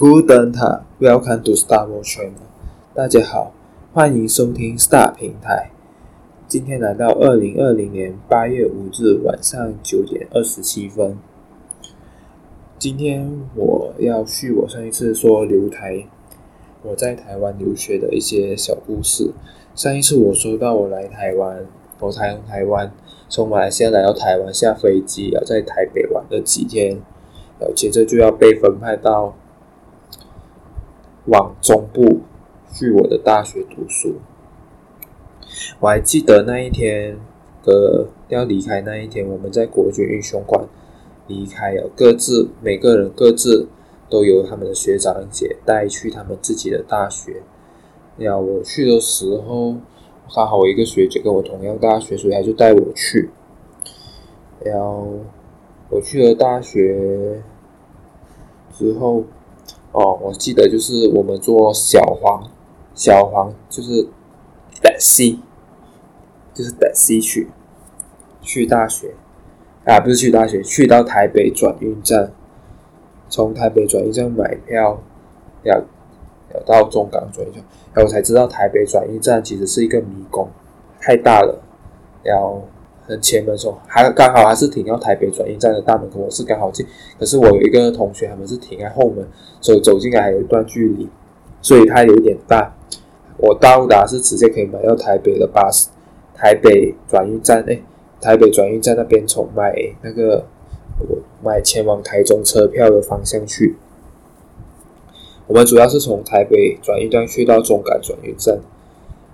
Guten Tag! Welcome to Stack's World Channel。大家好，歡迎收聽 Stack 平台。今天來到二零二零年八月五日晚上九點二十七分。今天我要續我上一次說留台，我在台灣留學的一些小故事。上一次我說到我來台灣，我台從台灣從馬來西亞來到台灣下飛機，然後在台北玩了幾天，然後接着就要被分派到。往中部去我的大學讀書，我還記得那一天，呃，要離開那一天，我們在國軍英雄館離開了，各自每個人各自都由他們的學長姐帶去他們自己的大學。然後我去的時候，剛好我一個學姐跟、這個、我同樣大學，所以她就帶我去。然後我去了大學之後。哦，我記得就是我們坐小黃，小黃就是的士，就是的士去去大學，啊，不是去大學，去到台北轉運站，從台北轉運站買票，要要到中港轉運站，然後我才知道台北轉運站其實是一個迷宮，太大了，要。前門的時候，還剛好還是停到台北轉運站的大門口，我是剛好進。可是我有一個同學，他們是停在後門，所以走進來還有一段距離，所以它有一點大。我到達是直接可以買到台北的巴士，台北轉運站，哎，台北轉運站那邊從買那個，我買前往台中車票的方向去。我們主要是從台北轉運站去到中港轉運站，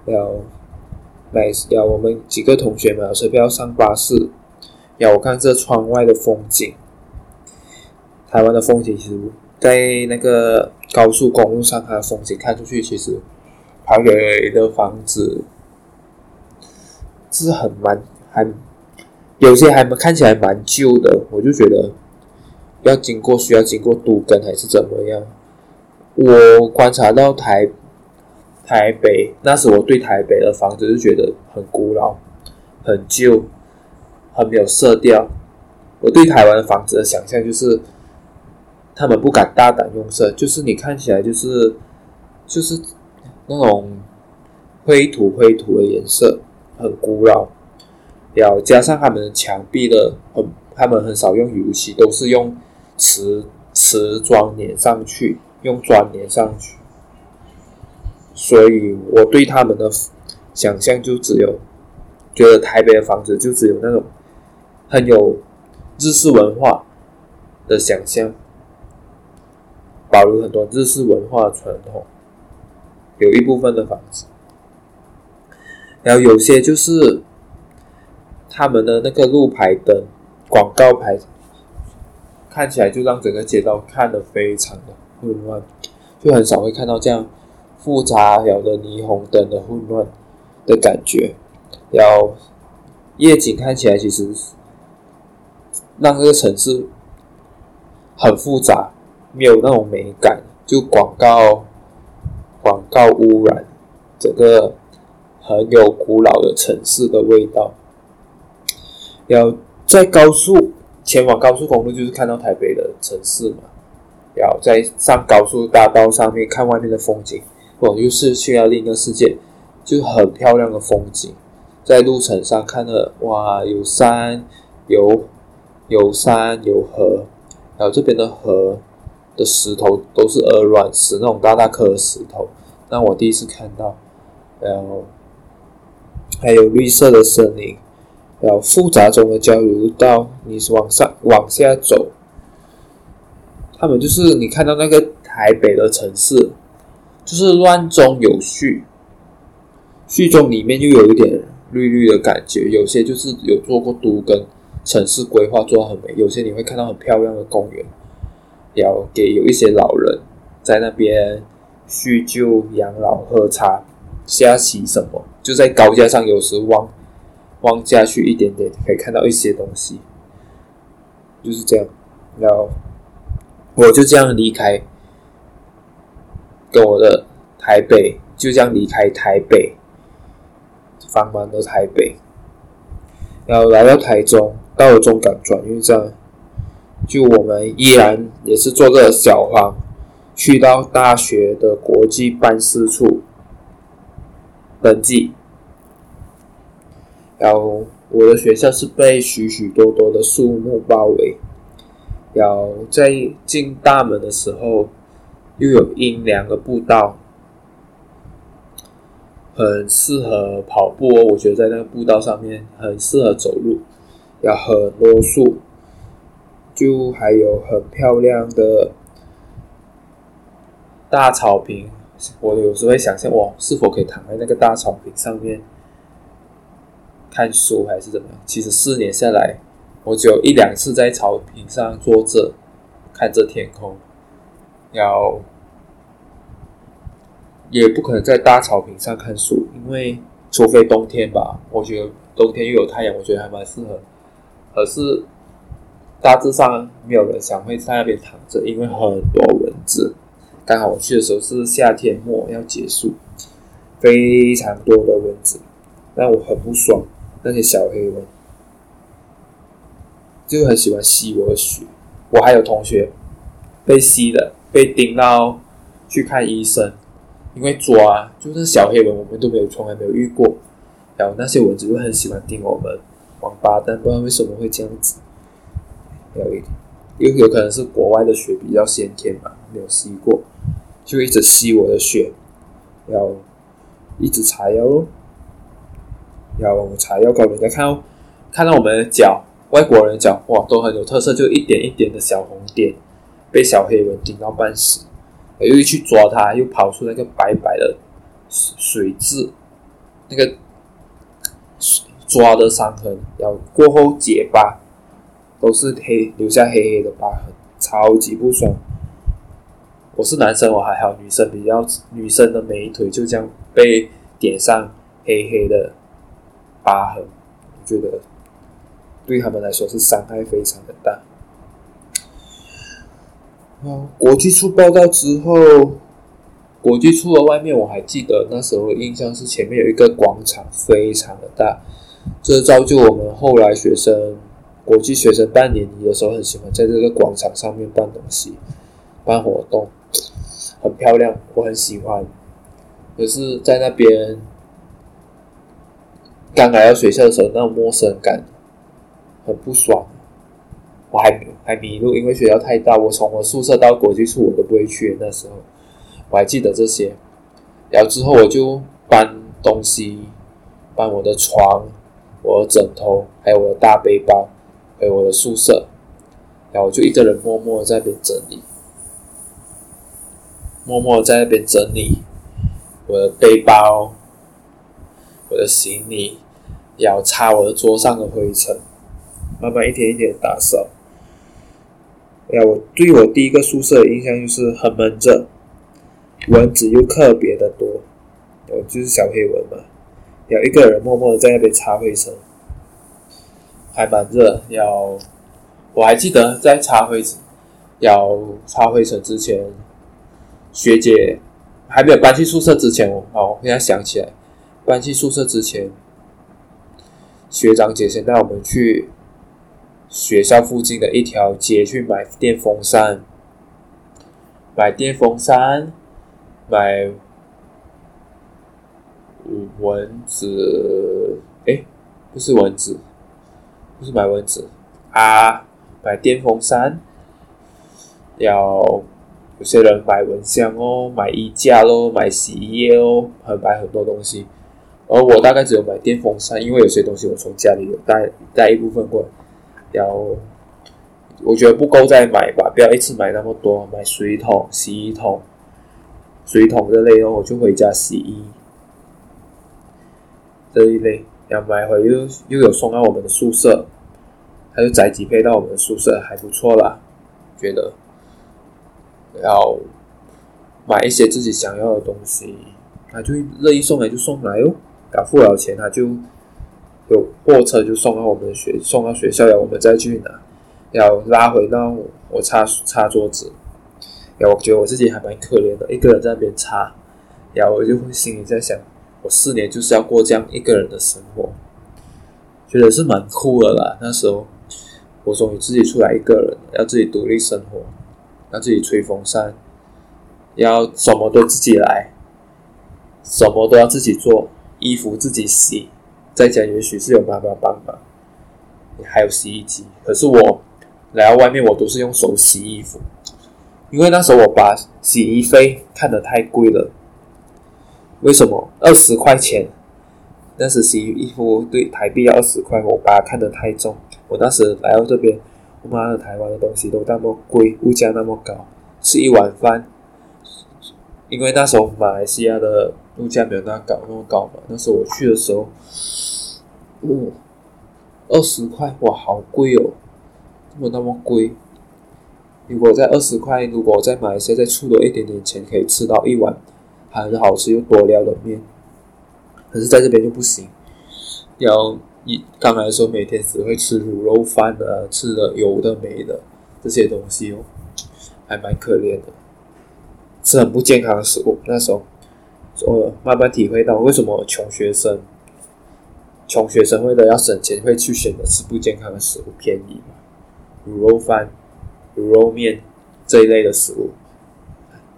要。呀、啊，我們幾個同學們是時要上巴士，要、啊、我看這窗外的風景。台灣的風景其實，在那個高速公路上，它的風景看出去，其實旁邊的房子是很蠻還有些還沒看起來蠻舊的。我就覺得要經過需要經過都更還是怎麼樣。我觀察到台。台北那時，我對台北的房子就覺得很古老、很舊、很沒有色調。我對台灣的房子的想象就是，他們不敢大膽用色，就是你看起來就是就是那種灰土灰土的顏色，很古老。然後加上他們的牆壁的很，他們很少用油漆，都是用瓷瓷磚粘上去，用磚粘上去。所以我對他們的想象就只有，覺得台北的房子就只有那種很有日式文化的想象，保留很多日式文化的傳統，有一部分的房子，然後有些就是他們的那個路牌燈、廣告牌，看起來就讓整個街道看得非常的混亂，就很少會看到這樣。複雜，有的霓虹燈的混亂的感覺，然後夜景看起來其實讓這個城市很複雜，沒有那種美感，就廣告廣告污染，整個很有古老的城市的味道。然後在高速前往高速公路，就是看到台北的城市嘛。然後在上高速大道上面看外面的風景。我就是去了另一個世界，就很漂亮的風景，在路程上看了，哇，有山，有有山有河，然後這邊的河的石頭都是鵝卵石那種大大顆的石頭，那我第一次看到，然後還有綠色的森林，然後複雜中的交流道，你往上往下走，他們就是你看到那個台北的城市。就是亂中有序，序中裡面又有一點綠綠的感覺。有些就是有做過都跟城市規劃做得很美，有些你會看到很漂亮的公園，要給有一些老人在那邊敘舊、養老、喝茶、下棋什麼。就在高架上，有時往往下去一點點，可以看到一些東西，就是這樣。然後我就這樣離開。跟我的台北，就這樣離開台北，繁忙的台北，然後來到台中，到了中港轉運站，就我們依然也是坐著小黃，去到大學的國際辦事處登記。然後我的學校是被許許多多的樹木包圍，然後在進大門的時候。又有陰涼的步道，很適合跑步哦。我覺得在那個步道上面很適合走路，有很多樹，就還有很漂亮的大草坪。我有時候會想象我是否可以躺在那個大草坪上面看書，還是怎麼樣？其實四年下來，我只有一兩次在草坪上坐着看着天空。要也不可能在大草坪上看書，因為除非冬天吧，我覺得冬天又有太陽，我覺得還蠻適合。可是大致上沒有人想會在那邊躺着，因為很多蚊子。剛好我去的時候是夏天末要結束，非常多的蚊子讓我很不爽。那些小黑蚊就很喜歡吸我的血，我還有同學被吸了。被叮到去看醫生，因為抓就是小黑蚊，我們都沒有，從來沒有遇過。然後那些蚊子就很喜歡叮我們，王八蛋，不知道為什麼會這樣子。有一點，因為有可能是國外的血比較鮮甜嘛，沒有吸過，就一直吸我的血，要一直擦藥咯，要擦藥膏。再看看到我們的腳，外國人的腳哇，都很有特色，就是、一點一點的小紅點。被小黑蚊叮到半死，我又去抓它，又跑出那個白白的水漬，那個抓的傷痕，然後過後結疤，都是黑留下黑黑的疤痕，超級不爽。我是男生我還好，女生比較，女生的美腿就這樣被點上黑黑的疤痕，我覺得對他們來說是傷害非常的大。啊、嗯，國際處報到之後，國際處的外面我還記得，那時候印象是前面有一個廣場，非常的大。這造就我們後來學生，國際學生辦聯誼的時候很喜歡在這個廣場上面辦東西、辦活動，很漂亮，我很喜歡。可是，在那邊剛來到學校的時候，那種陌生感，很不爽。我還還迷路，因為學校太大。我從我宿舍到國際處我都不會去。那時候我還記得這些。然後之後我就搬東西，搬我的床、我的枕頭，還有我的大背包，還有我的宿舍。然後我就一個人默默地在那邊整理，默默地在那邊整理我的背包、我的行李，要擦我的桌上的灰塵，慢慢一點一點打掃。要、啊、我對我第一個宿舍的印象就是很悶熱，蚊子又特別的多，我、啊、就是小黑蚊嘛，有、啊、一個人默默的在那邊擦灰塵，還蠻熱。要、啊，我還記得在擦灰，要擦灰塵之前，學姐還沒有搬去宿舍之前哦，我現在想起來，搬去宿舍之前，學長姐先帶我們去。學校附近的一條街去買電風扇，買電風扇，買蚊子，誒，不是蚊子，不是買蚊子啊，買電風扇。要有些人買蚊香哦，買衣架咯，買洗衣液哦，還買很多東西。而我大概只有買電風扇，因為有些東西我從家裡有帶帶一部分過來。要，我覺得不夠再買吧，不要一次買那麼多。買水桶、洗衣桶、水桶這類哦，我就回家洗衣。這一類，要買回又又有送到我們的宿舍，他就宅急配到我們的宿舍，還不錯啦，覺得。要買一些自己想要的東西，他就樂意送來就送來哦，給他付了錢他就。有貨車就送到我們學送到學校了，我們再去拿，要拉回到我，我擦擦桌子，然後我覺得我自己還蠻可憐的，一個人在那邊擦，然後我就會心裡在想，我四年就是要過這樣一個人的生活，覺得是蠻酷的啦。那時候我終於自己出來一個人，要自己獨立生活，要自己吹風扇，要什麼都自己來，什麼都要自己做，衣服自己洗。在家也許是有媽媽幫忙，還有洗衣機，可是我來到外面，我都是用手洗衣服，因為那時候我把洗衣費看得太貴了。為什麼二十塊錢？那時洗衣服對台幣要二十塊，我爸看得太重。我那時候來到這邊，我媽的，台灣的東西都那麼貴，物價那麼高，吃一碗飯，因為那時候馬來西亞的。物價沒有那高那麼高嘛？那時候我去的時候，哇、嗯，二十塊哇，好貴哦，怎麼那麼貴。如果在二十塊，如果我在馬來西亞，再出多一點點錢，可以吃到一碗還很好吃又多料的麵。可是在這邊就不行，要一剛來說，的時候每天只會吃滷肉飯的、啊，吃的有的沒的這些東西哦，還蠻可憐的，吃很不健康的食物。那時候。我慢慢體會到為什麼窮學生，窮學生為了要省錢會去選擇吃不健康的食物，便宜嘛，滷肉飯、滷肉麵這一類的食物。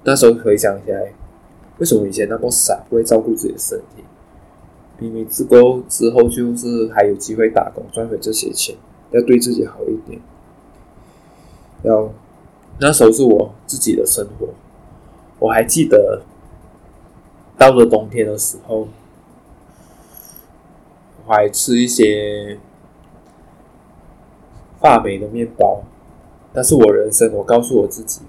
那時候回想起來，為什麼以前那麼傻，不會照顧自己的身體？明明之後之後就是還有機會打工賺回這些錢，要對自己好一點。然後那時候是我自己的生活，我還記得。到了冬天的時候，我還吃一些發霉的麵包。但是我人生，我告訴我自己，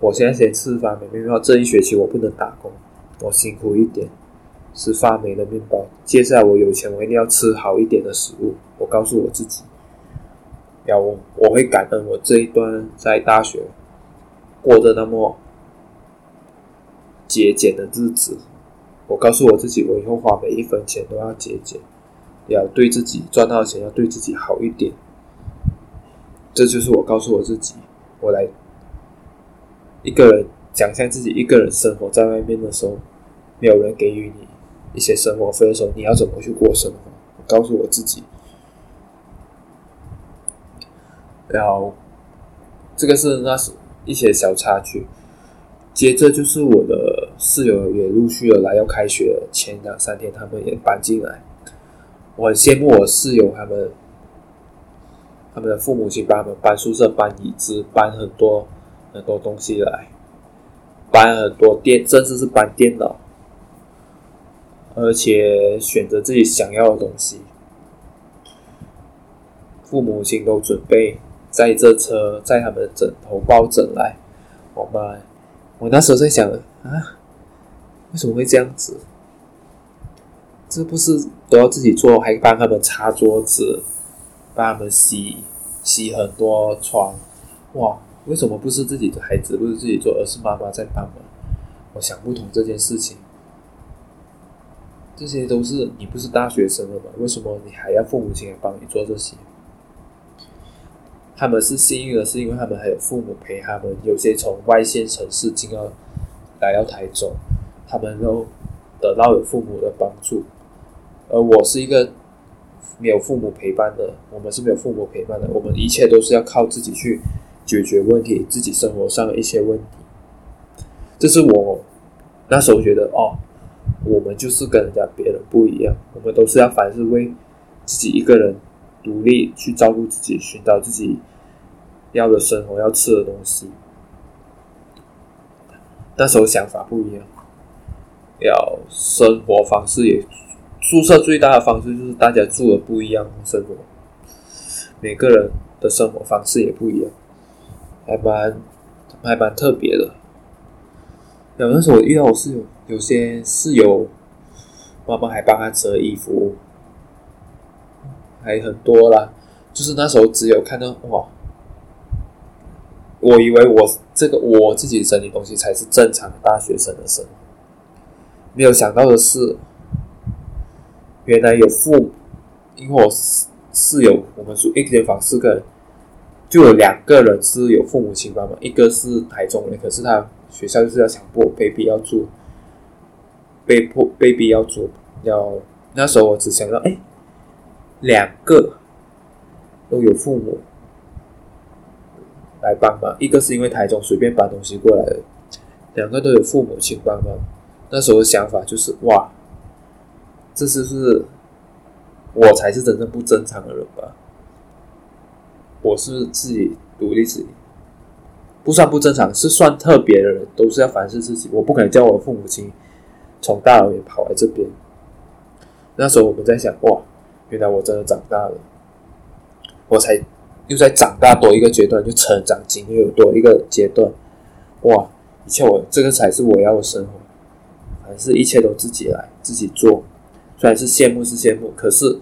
我現在先吃發霉麵包。這一學期我不能打工，我辛苦一點，吃發霉的麵包。接下來我有錢，我一定要吃好一點的食物。我告訴我自己，要我我會感恩我這一段在大學過得那麼。節儉的日子，我告訴我自己，我以後花每一分錢都要節儉，要對自己賺到錢，要對自己好一點。這就是我告訴我自己，我來一個人講一下自己一個人生活在外面的時候，沒有人給予你一些生活費的時候，你要怎麼去過生活？我告訴我自己，然後這個是那是一些小插曲，接着就是我的。室友也陸續的來，要開學前兩三天，他們也搬進來。我很羨慕我室友他們，他們的父母親幫他們搬宿舍、搬椅子、搬很多很多東西來，搬很多電，甚至是搬電腦，而且選擇自己想要的東西。父母親都準備載這車，載他們的枕頭、抱枕來。我嘛，我那時候在想啊。為什麼會這樣子？這不是都要自己做，還幫他們擦桌子，幫他們洗洗很多床，哇！為什麼不是自己的孩子，不是自己做，而是媽媽在幫。我想不通這件事情。這些都是你不是大學生了嗎？為什麼你還要父母親來幫你做這些？他們是幸運的，是因為他們還有父母陪他們。有些從外縣城市進而來到台中。他們都得到有父母的幫助，而我是一個沒有父母陪伴的。我們是沒有父母陪伴的，我們一切都是要靠自己去解決問題，自己生活上的一些問題。這是我那時候覺得哦，我們就是跟人家別人不一樣，我們都是要凡事為自己一個人獨立去照顧自己，尋找自己要的生活，要吃的東西。那時候想法不一樣。要生活方式也，宿舍最大的方式就是大家住的不一樣生活，每個人的生活方式也不一樣，還蠻還蠻特別的。有那時候遇到我室友，有些室友媽媽還幫他折衣服，還很多啦。就是那時候只有看到哇，我以為我這個我自己整理東西才是正常大學生的生活。沒有想到的是，原來有父母，因為我室友，是有我們住一間房，四個人，就有兩個人是有父母親幫忙。一個是台中人，可是他學校就是要強迫，被逼要住，被迫被逼要住。要那時候我只想到，哎，兩個都有父母來幫忙，一個是因為台中隨便搬東西過來的，兩個都有父母親幫忙。那時候的想法就是：哇，這是不是我才是真正不正常的人吧？我是，是自己獨立，自己不算不正常，是算特別的人，都是要反思自己。我不敢叫我父母親從大老遠跑來這邊。那時候我們在想：哇，原來我真的長大了，我才又在長大多一個階段，就成長經歷又多一個階段。哇，以前我這個才是我要的生活。是一切都自己來，自己做。雖然是羨慕，是羨慕，可是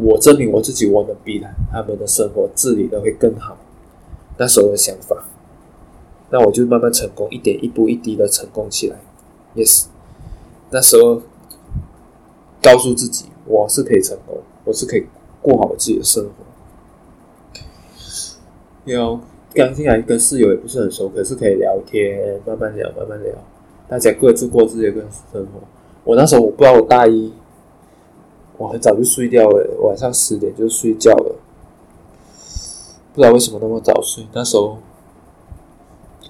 我證明我自己，我能比他們的生活自理的會更好。那時候的想法，那我就慢慢成功，一點一步一滴的成功起來。Yes，那時候告訴自己，我是可以成功，我是可以過好自己的生活。有剛進來，跟室友也不是很熟，可是可以聊天，慢慢聊，慢慢聊。大家各自過自己的生活。我那時候我不知道，我大一，我很早就睡掉了，晚上十點就睡覺了。不知道為什麼那麼早睡，那時候，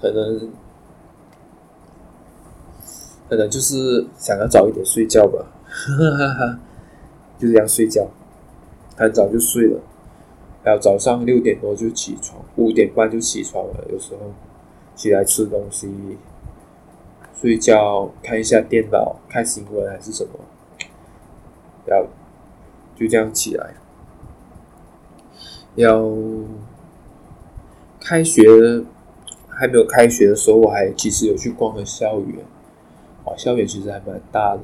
可能，可能就是想要早一點睡覺吧。哈哈哈，就是這樣睡覺，很早就睡了，然後早上六點多就起床，五點半就起床了。有時候起來吃東西。睡覺，所以看一下電腦，看新聞還是什麼？要就這樣起來。要開學還沒有開學的時候，我還其實有去逛了校園。哦，校園其實還蠻大的。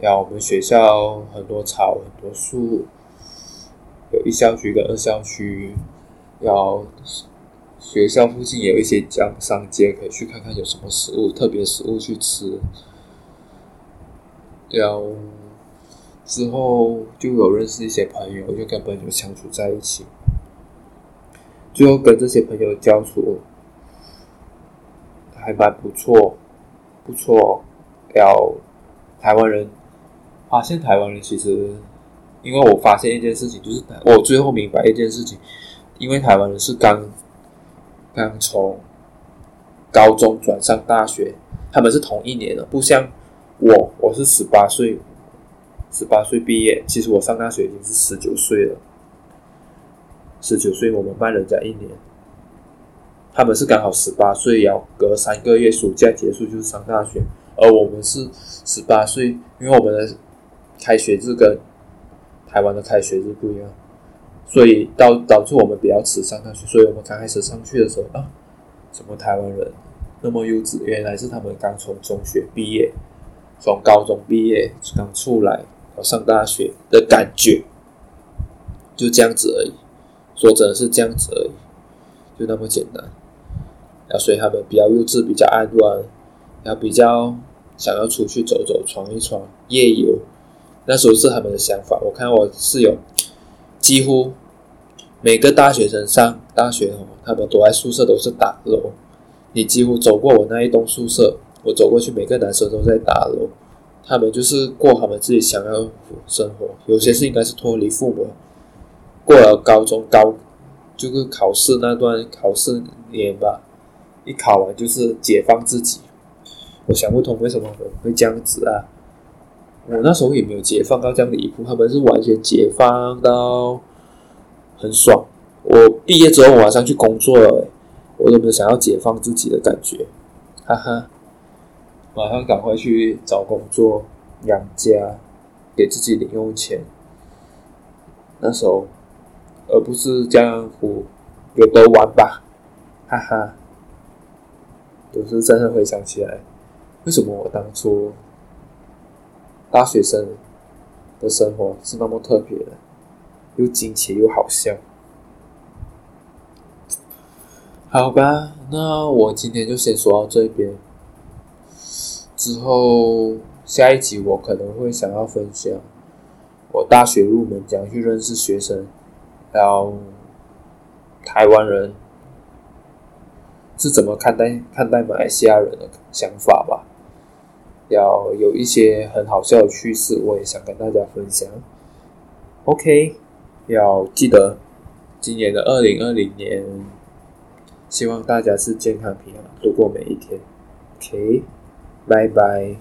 要我們學校很多草，很多樹。有一校區跟二校區。要。學校附近有一些江商街，可以去看看有什麼食物、特別食物去吃。然後之後就有認識一些朋友，就跟朋友相處在一起，最後跟這些朋友相處還蠻不錯，不錯。然後台灣人發現台灣人其實，因為我發現一件事情，就是我最後明白一件事情，因為台灣人是剛剛從高中轉上大學，他們是同一年的，不像我，我是十八歲，十八歲畢業，其實我上大學已經是十九歲了，十九歲，我們慢了人家一年。他們是剛好十八歲，要隔三個月暑假結束就是上大學，而我們是十八歲，因為我們的開學日跟台灣的開學日不一樣。所以導導致我們比較遲上大學，所以我們剛開始上大學的時候啊，什麼台灣人那麼幼稚，原來是他們剛從中學畢業，從高中畢業剛出來到上大學的感覺，就這樣子而已，說真的是這樣子而已，就那麼簡單。然後所以他們比較幼稚，比較愛玩，然後比較想要出去走走，闖一闖，夜遊，那時候是他們的想法。我看我室友。幾乎每個大學生上大學哦，他們躲在宿舍都是打樓。你幾乎走過我那一棟宿舍，我走過去每個男生都在打樓，他們就是過他們自己想要生活。有些是應該是脫離父母過了高中高，就是考試那段考試年吧，一考完就是解放自己。我想不通為什麼我會這樣子啊！我那時候也沒有解放到這樣的一步，他們是完全解放到很爽。我畢業之後我馬上去工作了，我都沒有想要解放自己的感覺。哈哈，馬上趕快去找工作養家，給自己零用錢。那時候，而不是這樣我有得玩吧？哈哈，有時候真的回想起來，為什麼我當初？大學生的生活是那麼特別的，又驚奇又好笑。好吧，那我今天就先說到這邊。之後下一集我可能會想要分享，我大學入門怎樣去認識學生，還有台灣人是怎麼看待看待馬來西亞人的想法吧。要有一些很好笑的趣事，我也想跟大家分享。OK，要記得，今年的二零二零年，希望大家是健康平安度過每一天。OK，拜拜。